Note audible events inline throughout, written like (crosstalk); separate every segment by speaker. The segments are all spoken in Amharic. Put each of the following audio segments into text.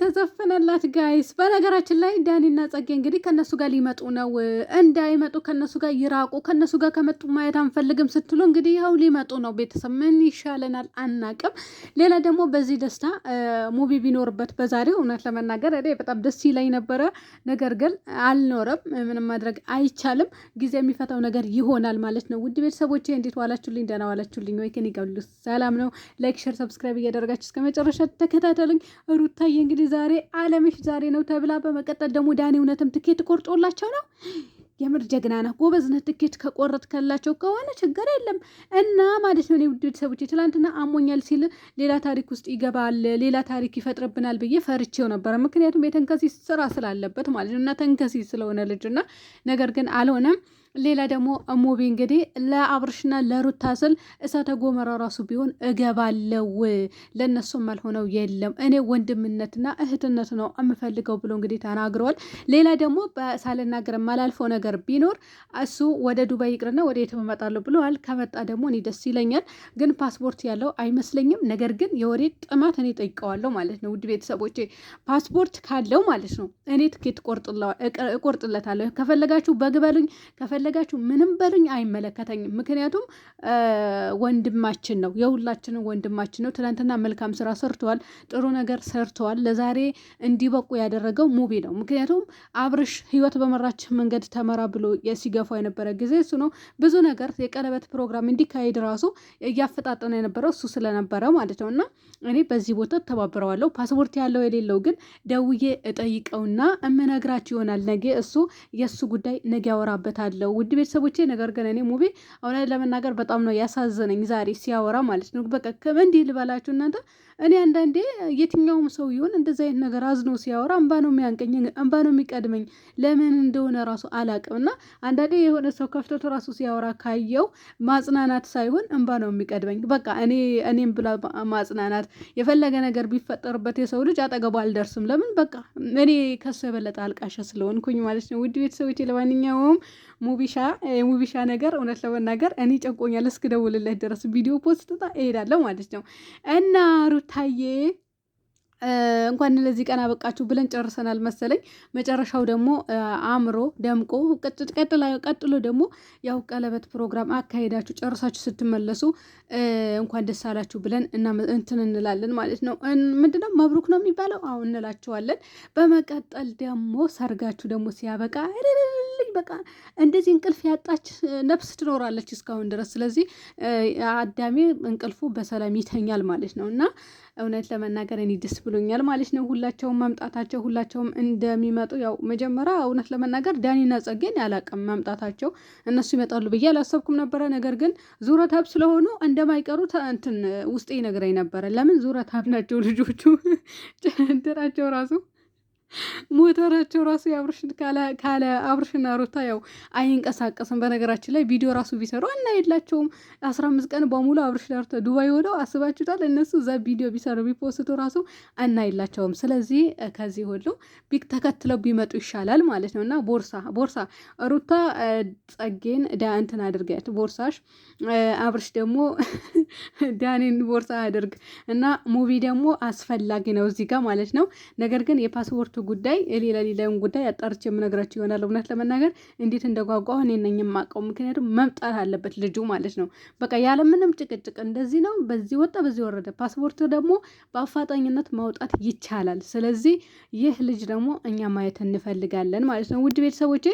Speaker 1: ተዘፈነላት ጋይስ። በነገራችን ላይ ዳኒና ጸጌ እንግዲህ ከነሱ ጋር ሊመጡ ነው። እንዳይመጡ ከነሱ ጋር ይራቁ፣ ከነሱ ጋር ከመጡ ማየት አንፈልግም ስትሉ እንግዲህ ያው ሊመጡ ነው። ቤተሰብ ምን ይሻለናል አናቅም። ሌላ ደግሞ በዚህ ደስታ ሙቪ ቢኖርበት በዛሬው እውነት ለመናገር እኔ በጣም ደስ ይለኝ ነበረ። ነገር ግን አልኖረም። ምንም ማድረግ አይቻልም። ጊዜ የሚፈታው ነገር ይሆናል ማለት ነው። ውድ ቤተሰቦቼ እንዴት ዋላችሁልኝ? ደህና ዋላችሁልኝ ወይ? ከእኔ ጋር ሁሉ ሰላም ነው። ላይክ፣ ሸር፣ ሰብስክራይብ እያደረጋችሁ እስከ መጨረሻ ተከታተሉኝ። ሩታዬ እንግዲህ ዛሬ አለምሽ ዛሬ ነው ተብላ፣ በመቀጠል ደግሞ ዳኔ እውነትም ትኬት ቆርጦላቸው ነው። የምር ጀግና ነህ ጎበዝ ትኬት ከቆረጥክላቸው ከሆነ ችግር የለም እና ማለት ነው። ውድ ቤተሰቦች ትላንትና አሞኛል ሲል ሌላ ታሪክ ውስጥ ይገባል፣ ሌላ ታሪክ ይፈጥርብናል ብዬ ፈርቼው ነበረ። ምክንያቱም የተንከሲስ ስራ ስላለበት ማለት ነው እና ተንከሲስ ስለሆነ ልጅና ነገር ግን አልሆነም። ሌላ ደግሞ ሙቢ እንግዲህ ለአብርሽና ለሩታ ስል እሳተ ጎመራ ራሱ ቢሆን እገባለው ለእነሱም አልሆነው የለም እኔ ወንድምነትና እህትነት ነው የምፈልገው ብሎ እንግዲህ ተናግረዋል። ሌላ ደግሞ ሳልናገር የማላልፈው ነገር ቢኖር እሱ ወደ ዱባይ ይቅርና ወደ የት እመጣለሁ ብለዋል። ከመጣ ደግሞ እኔ ደስ ይለኛል፣ ግን ፓስፖርት ያለው አይመስለኝም። ነገር ግን የወሬ ጥማት እኔ ጠይቀዋለሁ ማለት ነው። ውድ ቤተሰቦቼ ፓስፖርት ካለው ማለት ነው እኔ ትኬት እቆርጥለታለሁ። ከፈለጋችሁ በግበሉኝ ከፈ ከፈለጋችሁ ምንም በሉኝ፣ አይመለከተኝም። ምክንያቱም ወንድማችን ነው፣ የሁላችንም ወንድማችን ነው። ትናንትና መልካም ስራ ሰርተዋል፣ ጥሩ ነገር ሰርተዋል። ለዛሬ እንዲበቁ ያደረገው ሙቢ ነው። ምክንያቱም አብርሽ ህይወት በመራች መንገድ ተመራ ብሎ ሲገፋ የነበረ ጊዜ እሱ ነው። ብዙ ነገር የቀለበት ፕሮግራም እንዲካሄድ ራሱ እያፈጣጠነ የነበረው እሱ ስለነበረ ማለት ነው። እና እኔ በዚህ ቦታ ተባብረዋለሁ። ፓስፖርት ያለው የሌለው ግን ደውዬ እጠይቀውና እምነግራችሁ ይሆናል። ነገ እሱ የእሱ ጉዳይ ነገ ያወራበታለሁ ውድ ቤተሰቦቼ። ነገር ግን እኔ ሙቤ እውነት ለመናገር በጣም ነው ያሳዘነኝ ዛሬ ሲያወራ ማለት ነው። በቃ እንዲህ ልበላችሁ እናንተ እኔ አንዳንዴ የትኛውም ሰው ይሁን እንደዚህ አይነት ነገር አዝኖ ሲያወራ እንባ ነው የሚያንቀኝ፣ እንባ ነው የሚቀድመኝ። ለምን እንደሆነ ራሱ አላቅም እና አንዳንዴ የሆነ ሰው ከፍቶት ራሱ ሲያወራ ካየው ማጽናናት ሳይሆን እንባ ነው የሚቀድመኝ። በቃ እኔ እኔም ብላ ማጽናናት የፈለገ ነገር ቢፈጠርበት የሰው ልጅ አጠገቡ አልደርስም። ለምን በቃ እኔ ከሱ የበለጠ አልቃሻ ስለሆንኩኝ ማለት ነው። ውድ ቤተሰቦቼ ለማንኛውም የሙቢሻ የሙቢሻ ነገር እውነት ለመናገር እኔ ጨንቆኛል። እስክደውልለት ድረስ ቪዲዮ ፖስት እሄዳለሁ ማለት ነው እና ሩታዬ እንኳን ለዚህ ቀን አበቃችሁ ብለን ጨርሰናል መሰለኝ። መጨረሻው ደግሞ አምሮ ደምቆ ቀጥሎ ደግሞ ያው ቀለበት ፕሮግራም አካሄዳችሁ ጨርሳችሁ ስትመለሱ እንኳን ደስ አላችሁ ብለን እንትን እንላለን ማለት ነው። ምንድነው መብሩክ ነው የሚባለው? አሁን እንላችኋለን። በመቀጠል ደግሞ ሰርጋችሁ ደግሞ ሲያበቃ በቃ እንደዚህ እንቅልፍ ያጣች ነፍስ ትኖራለች እስካሁን ድረስ። ስለዚህ አዳሜ እንቅልፉ በሰላም ይተኛል ማለት ነው እና እውነት ለመናገር እኔ ደስ ብሎኛል ማለት ነው። ሁላቸውም መምጣታቸው ሁላቸውም እንደሚመጡ ያው መጀመሪያ እውነት ለመናገር ዳኒና ጸጌን ያላቅም መምጣታቸው እነሱ ይመጣሉ ብዬ አላሰብኩም ነበረ። ነገር ግን ዙረታብ ስለሆኑ እንደማይቀሩ እንትን ውስጤ ይነግረኝ ነበረ። ለምን ዙረታብ ናቸው ልጆቹ ድራቸው ራሱ ሞተራቸው ራሱ ካለ አብርሽና ሩታ ያው አይንቀሳቀስም። በነገራችን ላይ ቪዲዮ ራሱ ቢሰሩ እና የላቸውም። አስራ አምስት ቀን በሙሉ አብርሽና ሩታ ዱባይ ሆነው አስባችሁታል? እነሱ እዛ ቪዲዮ ቢሰሩ ቢፖስቱ ራሱ እና የላቸውም። ስለዚህ ከዚህ ሁሉ ተከትለው ቢመጡ ይሻላል ማለት ነው። እና ቦርሳ ቦርሳ ሩታ ጸጌን ዳንትን አድርገት ቦርሳሽ፣ አብርሽ ደግሞ (laughs) ዳኔን ቦርሳ አድርግ እና ሙቪ ደግሞ አስፈላጊ ነው እዚህ ጋር ማለት ነው። ነገር ግን የፓስፖርቱ ጉዳይ ሌላ ሌላውን ጉዳይ አጣርቼ የምነግራቸው ይሆናል። እውነት ለመናገር እንዴት እንደጓጓሁ እኔ ነኝ የማውቀው። ምክንያቱም መምጣት አለበት ልጁ ማለት ነው። በቃ ያለምንም ጭቅጭቅ እንደዚህ ነው፣ በዚህ ወጣ፣ በዚህ ወረደ። ፓስፖርት ደግሞ በአፋጣኝነት ማውጣት ይቻላል። ስለዚህ ይህ ልጅ ደግሞ እኛ ማየት እንፈልጋለን ማለት ነው። ውድ ቤተሰቦቼ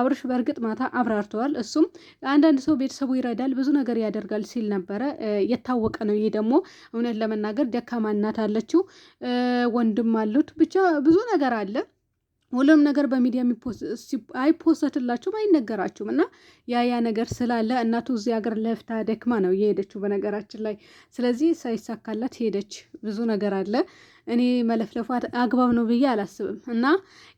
Speaker 1: አብርሽ በእርግጥ ማታ አብራርተዋል። እሱም አንዳንድ ሰው ቤተሰቡ ይረዳል፣ ብዙ ነገር ያደርጋል ሲል ነበረ። የታወቀ ነው። ይሄ ደግሞ እውነት ለመናገር ደካማ እናት አለችው፣ ወንድም አሉት፣ ብቻ ብዙ ነገር ነገር አለ። ሁሉም ነገር በሚዲያ አይፖሰትላችሁም፣ አይነገራችሁም። እና ያ ያ ነገር ስላለ እናቱ እዚህ ሀገር ለፍታ ደክማ ነው የሄደችው በነገራችን ላይ። ስለዚህ ሳይሳካላት ሄደች። ብዙ ነገር አለ። እኔ መለፍለፏ አግባብ ነው ብዬ አላስብም። እና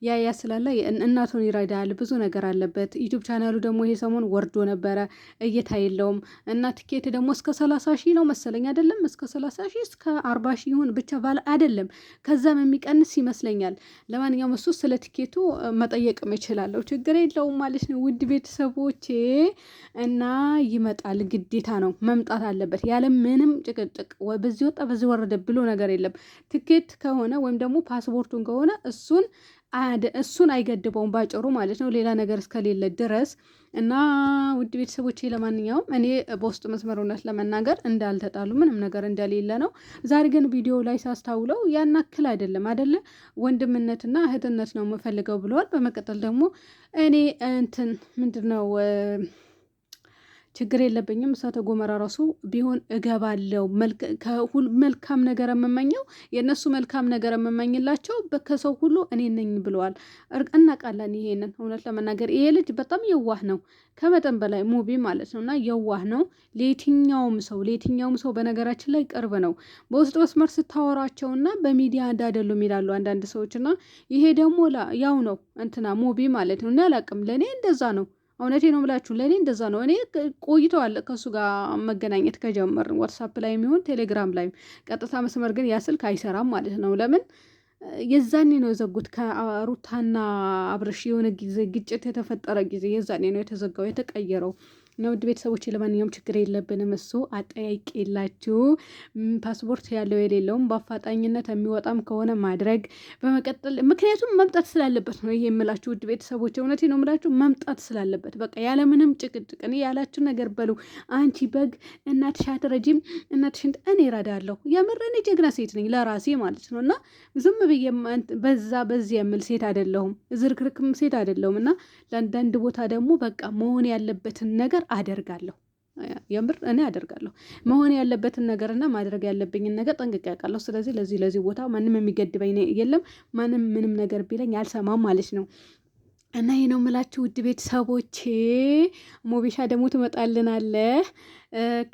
Speaker 1: ያ ያ ስላለ እናቱን ይረዳል፣ ብዙ ነገር አለበት። ዩቱብ ቻናሉ ደግሞ ይሄ ሰሞን ወርዶ ነበረ፣ እይታ የለውም እና ትኬት ደግሞ እስከ ሰላሳ ሺህ ነው መሰለኝ አይደለም፣ እስከ ሰላሳ ሺህ እስከ አርባ ሺህ ይሁን ብቻ ባለ አይደለም፣ ከዛም የሚቀንስ ይመስለኛል። ለማንኛውም እሱ ስለ ትኬቱ መጠየቅም እችላለሁ፣ ችግር የለውም ማለት ነው። ውድ ቤተሰቦቼ እና ይመጣል፣ ግዴታ ነው መምጣት አለበት፣ ያለ ምንም ጭቅጭቅ፣ በዚህ ወጣ በዚህ ወረደ ብሎ ነገር የለም ትኬት ቲኬት ከሆነ ወይም ደግሞ ፓስፖርቱን ከሆነ እሱን እሱን አይገድበውም ባጭሩ ማለት ነው፣ ሌላ ነገር እስከሌለ ድረስ እና ውድ ቤተሰቦቼ፣ ለማንኛውም እኔ በውስጥ መስመር እውነት ለመናገር እንዳልተጣሉ ምንም ነገር እንደሌለ ነው። ዛሬ ግን ቪዲዮ ላይ ሳስታውለው ያናክል አይደለም አደለ፣ ወንድምነትና እህትነት ነው የምፈልገው ብለዋል። በመቀጠል ደግሞ እኔ እንትን ምንድን ነው ችግር የለብኝም። እሳተ ጎመራ ራሱ ቢሆን እገባለው። መልካም ነገር የምመኘው የእነሱ መልካም ነገር የምመኝላቸው ከሰው ሁሉ እኔ ነኝ ብለዋል። እናውቃለን ይሄንን። እውነት ለመናገር ይሄ ልጅ በጣም የዋህ ነው፣ ከመጠን በላይ ሙቢ ማለት ነው። እና የዋህ ነው ለየትኛውም ሰው ለየትኛውም ሰው በነገራችን ላይ ቅርብ ነው። በውስጥ መስመር ስታወራቸውና በሚዲያ እንዳደሉም ይላሉ አንዳንድ ሰዎችና ይሄ ደግሞ ያው ነው እንትና ሙቢ ማለት ነው። እኔ አላውቅም፣ ለእኔ እንደዛ ነው። እውነቴ ነው ብላችሁ ለእኔ እንደዛ ነው። እኔ ቆይተዋል ከእሱ ጋር መገናኘት ከጀመር ዋትሳፕ ላይ የሚሆን ቴሌግራም ላይ ቀጥታ መስመር ግን ያ ስልክ አይሰራም ማለት ነው። ለምን የዛኔ ነው የዘጉት። ከሩታና አብርሽ የሆነ ጊዜ ግጭት የተፈጠረ ጊዜ የዛኔ ነው የተዘጋው የተቀየረው። ነው ውድ ቤተሰቦች፣ ለማንኛውም ችግር የለብንም። እሱ አጠያይቅ የላችሁ ፓስፖርት ያለው የሌለውም በአፋጣኝነት የሚወጣም ከሆነ ማድረግ በመቀጠል ምክንያቱም መምጣት ስላለበት ነው ይሄ የምላችሁ ውድ ቤተሰቦች፣ እውነቴ ነው የምላችሁ መምጣት ስላለበት በቃ ያለምንም ጭቅጭቅ ያላችሁ ነገር በሉ። አንቺ በግ እናትሽ አትረጂም፣ እናትሽ እኔ እረዳለሁ። የምር እኔ ጀግና ሴት ነኝ ለራሴ ማለት ነው እና ዝም ብዬ በዛ በዚህ የምል ሴት አይደለሁም፣ ዝርክርክም ሴት አይደለሁም እና ለአንዳንድ ቦታ ደግሞ በቃ መሆን ያለበትን ነገር አደርጋለሁ። የምር እኔ አደርጋለሁ። መሆን ያለበትን ነገርና ማድረግ ያለብኝን ነገር ጠንቅቄ አውቃለሁ። ስለዚህ ለዚህ ለዚህ ቦታ ማንም የሚገድበኝ የለም። ማንም ምንም ነገር ቢለኝ አልሰማም ማለት ነው። እና ይህ ነው የምላችሁ ውድ ቤተሰቦቼ። ሞቤሻ ደግሞ ትመጣልናለህ።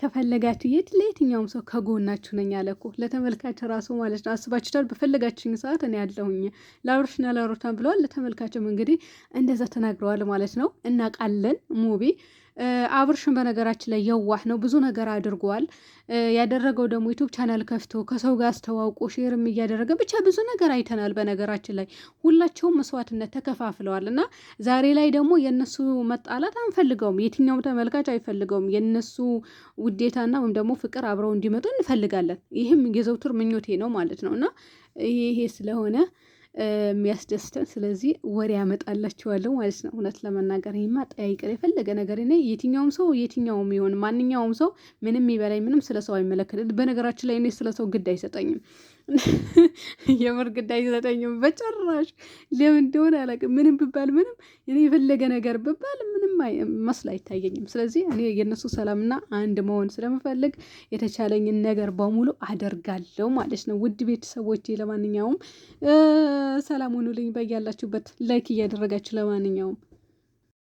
Speaker 1: ከፈለጋችሁ የት ለየትኛውም ሰው ከጎናችሁ ነኝ አለ እኮ ለተመልካች ራሱ ማለት ነው። አስባችሁታል? በፈለጋችሁኝ ሰዓት እኔ ያለሁኝ ለአብሮችና ለአብሮቿን ብለዋል። ለተመልካችም እንግዲህ እንደዛ ተናግረዋል ማለት ነው። እናውቃለን ሞቤ አብርሽን በነገራችን ላይ የዋህ ነው። ብዙ ነገር አድርጓል። ያደረገው ደግሞ ዩቱብ ቻናል ከፍቶ ከሰው ጋር አስተዋውቆ ሼርም እያደረገ ብቻ ብዙ ነገር አይተናል። በነገራችን ላይ ሁላቸውም መስዋዕትነት ተከፋፍለዋል እና ዛሬ ላይ ደግሞ የእነሱ መጣላት አንፈልገውም። የትኛውም ተመልካች አይፈልገውም። የእነሱ ውዴታና ወይም ደግሞ ፍቅር አብረው እንዲመጡ እንፈልጋለን። ይህም የዘውትር ምኞቴ ነው ማለት ነው እና ይሄ ስለሆነ የሚያስደስተን። ስለዚህ ወሬ ያመጣላችኋለሁ ማለት ነው። እውነት ለመናገር ይማ ጠያይቀር የፈለገ ነገር ነ የትኛውም ሰው የትኛውም ይሆን ማንኛውም ሰው ምንም ይበላይ ምንም ስለ ሰው አይመለከትም። በነገራችን ላይ እኔ ስለ ሰው ግድ አይሰጠኝም። (laughs) የምር ግድ አይሰጠኝም በጭራሽ። ለምን እንደሆነ አላውቅም። ምንም ብባል ምንም የፈለገ ነገር ብባል ምንም መስል አይታየኝም። ስለዚህ እኔ የእነሱ ሰላምና አንድ መሆን ስለምፈልግ የተቻለኝን ነገር በሙሉ አደርጋለሁ ማለት ነው። ውድ ቤተሰቦች ለማንኛውም ሰላም ሁኑልኝ በያላችሁበት ላይክ እያደረጋችሁ ለማንኛውም